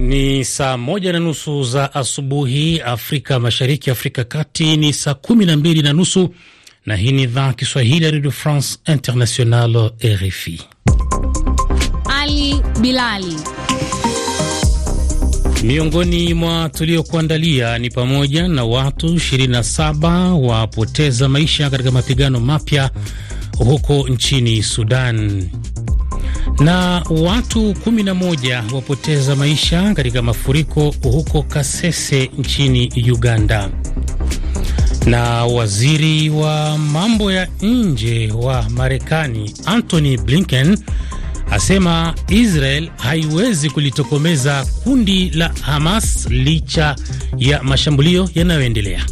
Ni saa moja na nusu za asubuhi Afrika Mashariki, Afrika Kati ni saa kumi na mbili na nusu na hii ni idhaa Kiswahili ya Radio France International, RFI. Ali Bilali. Miongoni mwa tuliokuandalia ni pamoja na watu 27 wapoteza maisha katika mapigano mapya huko nchini Sudan. Na watu 11 wapoteza maisha katika mafuriko huko Kasese nchini Uganda. Na waziri wa mambo ya nje wa Marekani Antony Blinken asema Israel haiwezi kulitokomeza kundi la Hamas licha ya mashambulio yanayoendelea.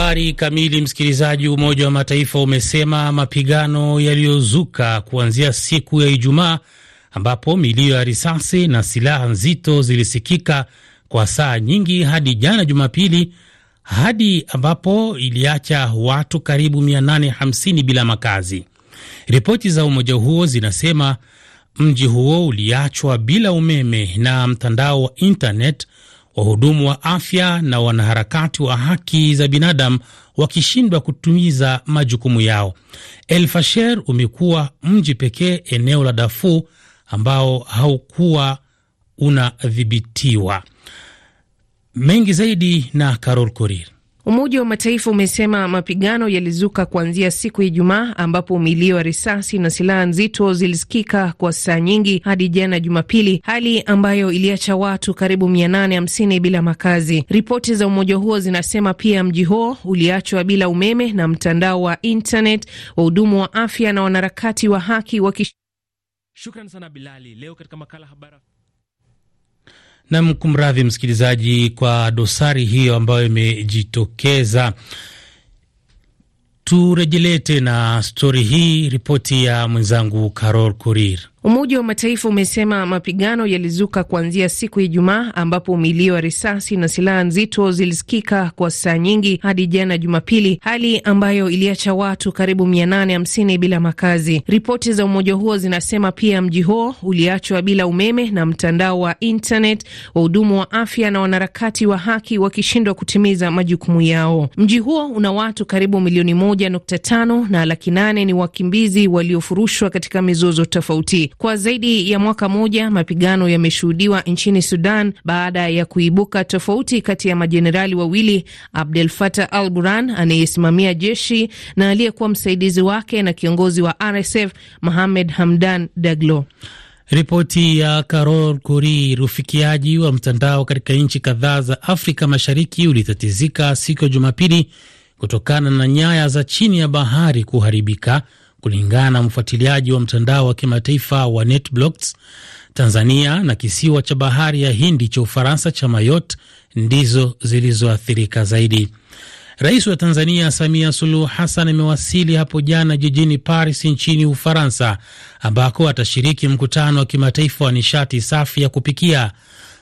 habari kamili, msikilizaji. Umoja wa Mataifa umesema mapigano yaliyozuka kuanzia siku ya Ijumaa ambapo milio ya risasi na silaha nzito zilisikika kwa saa nyingi hadi jana Jumapili, hadi ambapo iliacha watu karibu 850 bila makazi. Ripoti za umoja huo zinasema mji huo uliachwa bila umeme na mtandao wa internet wahudumu wa afya na wanaharakati wa haki za binadamu wakishindwa kutumiza majukumu yao. El Fasher umekuwa mji pekee eneo la dafu ambao haukuwa unadhibitiwa. Mengi zaidi na Carol Korir. Umoja wa Mataifa umesema mapigano yalizuka kuanzia siku ya Ijumaa ambapo milio ya risasi na silaha nzito zilisikika kwa saa nyingi hadi jana Jumapili, hali ambayo iliacha watu karibu 850 bila makazi. Ripoti za umoja huo zinasema pia mji huo uliachwa bila umeme na mtandao wa internet. Wahudumu wa afya na wanaharakati wa haki waki... Shukran sana Bilali. Leo katika makala habari Nam, kumradhi msikilizaji kwa dosari hiyo ambayo imejitokeza. Turejelee tena stori hii, ripoti ya mwenzangu Carol Kurir. Umoja wa Mataifa umesema mapigano yalizuka kuanzia siku ya Ijumaa, ambapo milio ya risasi na silaha nzito zilisikika kwa saa nyingi hadi jana Jumapili, hali ambayo iliacha watu karibu 850 bila makazi. Ripoti za umoja huo zinasema pia mji huo uliachwa bila umeme na mtandao wa internet, wahudumu wa afya na wanaharakati wa haki wakishindwa kutimiza majukumu yao. Mji huo una watu karibu milioni moja nukta tano na laki nane ni wakimbizi waliofurushwa katika mizozo tofauti. Kwa zaidi ya mwaka moja mapigano yameshuhudiwa nchini Sudan baada ya kuibuka tofauti kati ya majenerali wawili, Abdel Fattah al Burhan anayesimamia jeshi na aliyekuwa msaidizi wake na kiongozi wa RSF Mohamed Hamdan Daglo. Ripoti ya Carol Kuri. Ufikiaji wa mtandao katika nchi kadhaa za Afrika Mashariki ulitatizika siku ya Jumapili kutokana na nyaya za chini ya bahari kuharibika Kulingana na mfuatiliaji wa mtandao wa kimataifa wa NetBlocks, Tanzania na kisiwa cha bahari ya Hindi cha Ufaransa cha Mayotte ndizo zilizoathirika zaidi. Rais wa Tanzania Samia Suluhu Hassan amewasili hapo jana jijini Paris nchini Ufaransa, ambako atashiriki mkutano wa kimataifa wa nishati safi ya kupikia.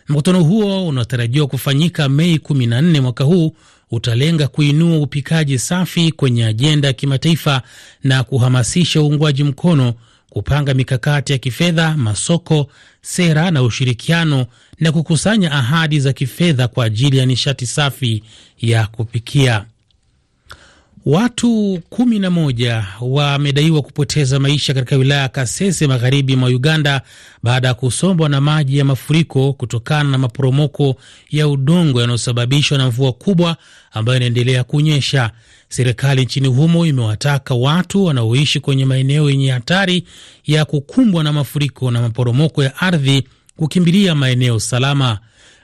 Mkutano huo unatarajiwa kufanyika Mei 14 mwaka huu utalenga kuinua upikaji safi kwenye ajenda ya kimataifa na kuhamasisha uungwaji mkono, kupanga mikakati ya kifedha, masoko, sera na ushirikiano, na kukusanya ahadi za kifedha kwa ajili ya nishati safi ya kupikia. Watu kumi na moja wamedaiwa kupoteza maisha katika wilaya ya Kasese magharibi mwa Uganda baada ya kusombwa na maji ya mafuriko kutokana na maporomoko ya udongo yanayosababishwa na mvua kubwa ambayo inaendelea kunyesha. Serikali nchini humo imewataka watu wanaoishi kwenye maeneo yenye hatari ya kukumbwa na mafuriko na maporomoko ya ardhi kukimbilia maeneo salama.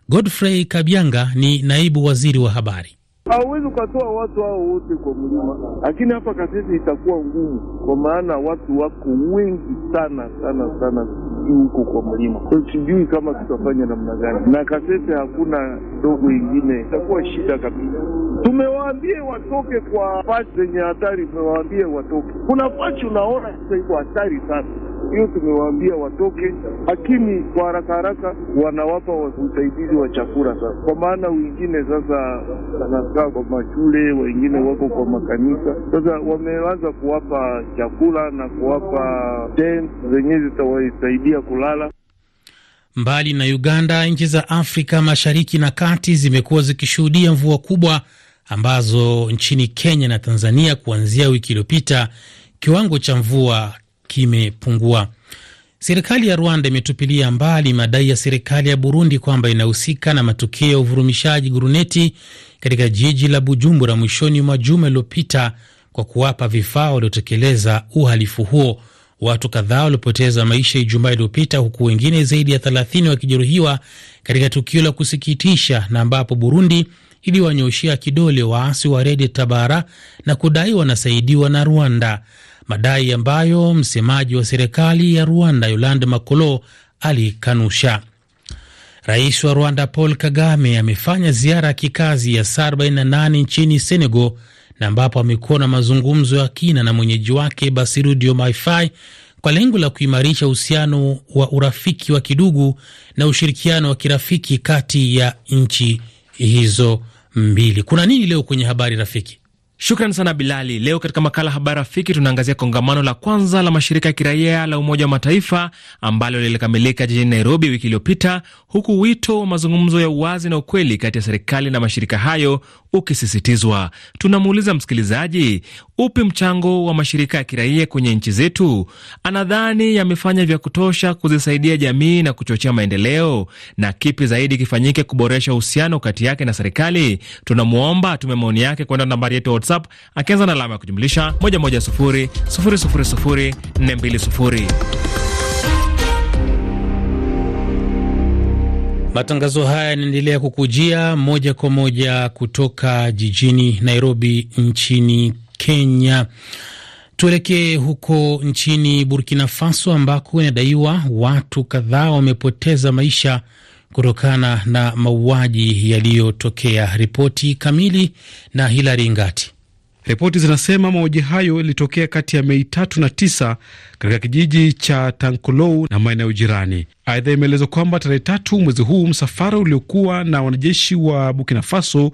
Godfrey Kabyanga ni naibu waziri wa habari. Hauwezi ukatoa watu hao wote kwa mlima, lakini hapa Kasese itakuwa ngumu, kwa maana watu wako wengi sana sana sana huko kwa mlima. Sijui kama tutafanya namna gani, na Kasese hakuna ndogo ingine, itakuwa shida kabisa. Tumewaambie watoke kwa pasi zenye hatari, tumewaambie watoke. Kuna pasi unaona sasa iko hatari sana hiyo tumewaambia watoke, lakini kwa haraka haraka wanawapa usaidizi wa chakula sasa, kwa maana wengine sasa wanakaa kwa mashule, wengine wako kwa makanisa. Sasa wameanza kuwapa chakula na kuwapa tent zenyewe zitawasaidia kulala. Mbali na Uganda, nchi za Afrika Mashariki na Kati zimekuwa zikishuhudia mvua kubwa ambazo nchini Kenya na Tanzania kuanzia wiki iliyopita kiwango cha mvua kimepungua. Serikali ya Rwanda imetupilia mbali madai ya serikali ya Burundi kwamba inahusika na matukio ya uvurumishaji guruneti katika jiji la Bujumbura mwishoni mwa juma iliyopita kwa kuwapa vifaa waliotekeleza uhalifu huo. Watu kadhaa walipoteza maisha Ijumaa iliyopita huku wengine zaidi ya 30 wakijeruhiwa katika tukio la kusikitisha na ambapo Burundi iliwanyoshea kidole waasi wa redi Tabara na kudai wanasaidiwa na Rwanda madai ambayo msemaji wa serikali ya Rwanda Yolande Makolo alikanusha. Rais wa Rwanda Paul Kagame amefanya ziara ya kikazi ya saa 48 nchini Senegal na ambapo amekuwa na mazungumzo ya kina na mwenyeji wake Basiru Diomaye Faye kwa lengo la kuimarisha uhusiano wa urafiki wa kidugu na ushirikiano wa kirafiki kati ya nchi hizo mbili. Kuna nini leo kwenye habari rafiki? Shukran sana Bilali. Leo katika makala Habari Rafiki tunaangazia kongamano la kwanza la mashirika ya kiraia la Umoja wa Mataifa ambalo lilikamilika jijini Nairobi wiki iliyopita, huku wito wa mazungumzo ya uwazi na ukweli kati ya serikali na mashirika hayo ukisisitizwa. Tunamuuliza msikilizaji, upi mchango wa mashirika ya kiraia kwenye nchi zetu? Anadhani yamefanya vya kutosha kuzisaidia jamii na kuchochea maendeleo, na kipi zaidi kifanyike kuboresha uhusiano kati yake na serikali? Tunamwomba atume maoni yake kwenda nambari yetu ya WhatsApp akianza na alama ya kujumlisha 110 Matangazo haya yanaendelea kukujia moja kwa moja kutoka jijini Nairobi nchini Kenya. Tuelekee huko nchini Burkina Faso ambako inadaiwa watu kadhaa wamepoteza maisha kutokana na mauaji yaliyotokea. Ripoti kamili na Hilari Ngati. Ripoti zinasema mauaji hayo yalitokea kati ya Mei tatu na tisa katika kijiji cha Tankolou na maeneo jirani. Aidha, imeelezwa kwamba tarehe tatu mwezi huu msafara uliokuwa na wanajeshi wa Burkina Faso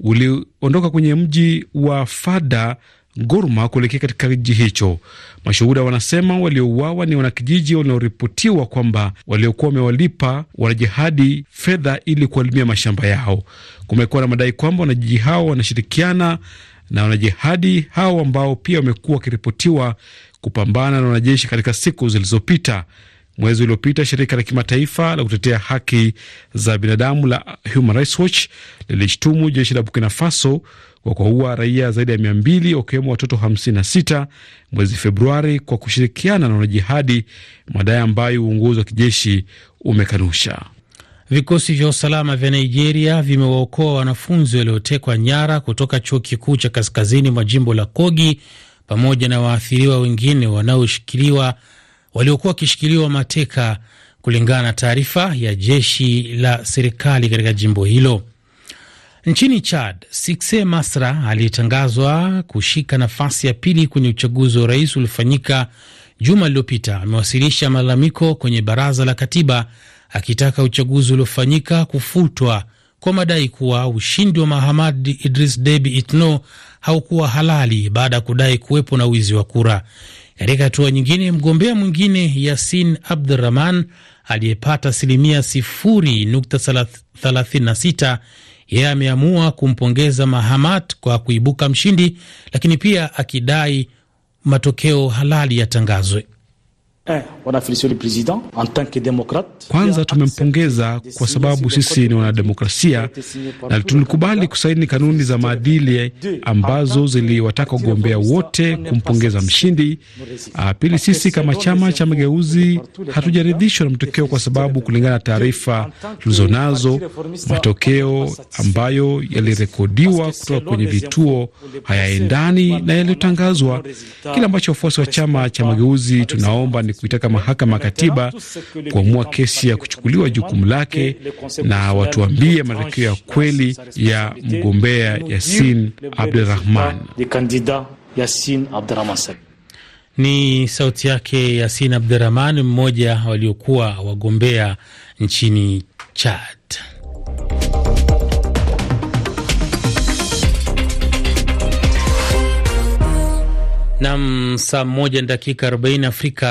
uliondoka kwenye mji wa Fada Ngurma kuelekea katika kijiji hicho. Mashuhuda wanasema waliouawa ni wanakijiji wanaoripotiwa kwamba waliokuwa wamewalipa wanajihadi fedha ili kuwalimia mashamba yao. Kumekuwa na madai kwamba wanajiji hao wanashirikiana na wanajihadi hao ambao pia wamekuwa wakiripotiwa kupambana na wanajeshi katika siku zilizopita. Mwezi uliopita shirika la kimataifa la kutetea haki za binadamu la Human Rights Watch lilishtumu jeshi la Burkina Faso kwa kuwaua raia zaidi ya mia mbili wakiwemo watoto 56 mwezi Februari kwa kushirikiana na wanajihadi, madai ambayo uongozi wa kijeshi umekanusha. Vikosi vya usalama vya Nigeria vimewaokoa wanafunzi waliotekwa nyara kutoka chuo kikuu cha kaskazini mwa jimbo la Kogi pamoja na waathiriwa wengine wanaoshikiliwa waliokuwa wakishikiliwa mateka, kulingana na taarifa ya jeshi la serikali katika jimbo hilo. Nchini Chad, Sikse Masra aliyetangazwa kushika nafasi ya pili kwenye uchaguzi wa rais uliofanyika juma lililopita amewasilisha malalamiko kwenye baraza la katiba akitaka uchaguzi uliofanyika kufutwa kwa madai kuwa ushindi wa Mahamad Idris Debi Itno haukuwa halali baada ya kudai kuwepo na wizi wa kura. Katika hatua nyingine, mgombea mwingine Yasin Abdurahman aliyepata asilimia 0.36 yeye ameamua kumpongeza Mahamat kwa kuibuka mshindi, lakini pia akidai matokeo halali yatangazwe. Eh. Kwanza tumempongeza kwa sababu sisi ni wanademokrasia na tulikubali kusaini kanuni za maadili ambazo ziliwataka wagombea wote kumpongeza mshindi. Ah, pili, sisi kama chama cha mageuzi hatujaridhishwa na matokeo, kwa sababu kulingana na taarifa tulizonazo, matokeo ambayo yalirekodiwa kutoka kwenye vituo hayaendani na yaliyotangazwa. Kile ambacho wafuasi wa chama cha mageuzi tunaomba ni kuitaka mahakama ya katiba kuamua kesi ya kuchukuliwa jukumu lake na watuambie matokeo ya kweli ya mgombea Yasin Abdurahman. Ni sauti yake Yasin Abdurahman, mmoja waliokuwa wagombea nchini Chad. Nam, saa moja na dakika arobaini Afrika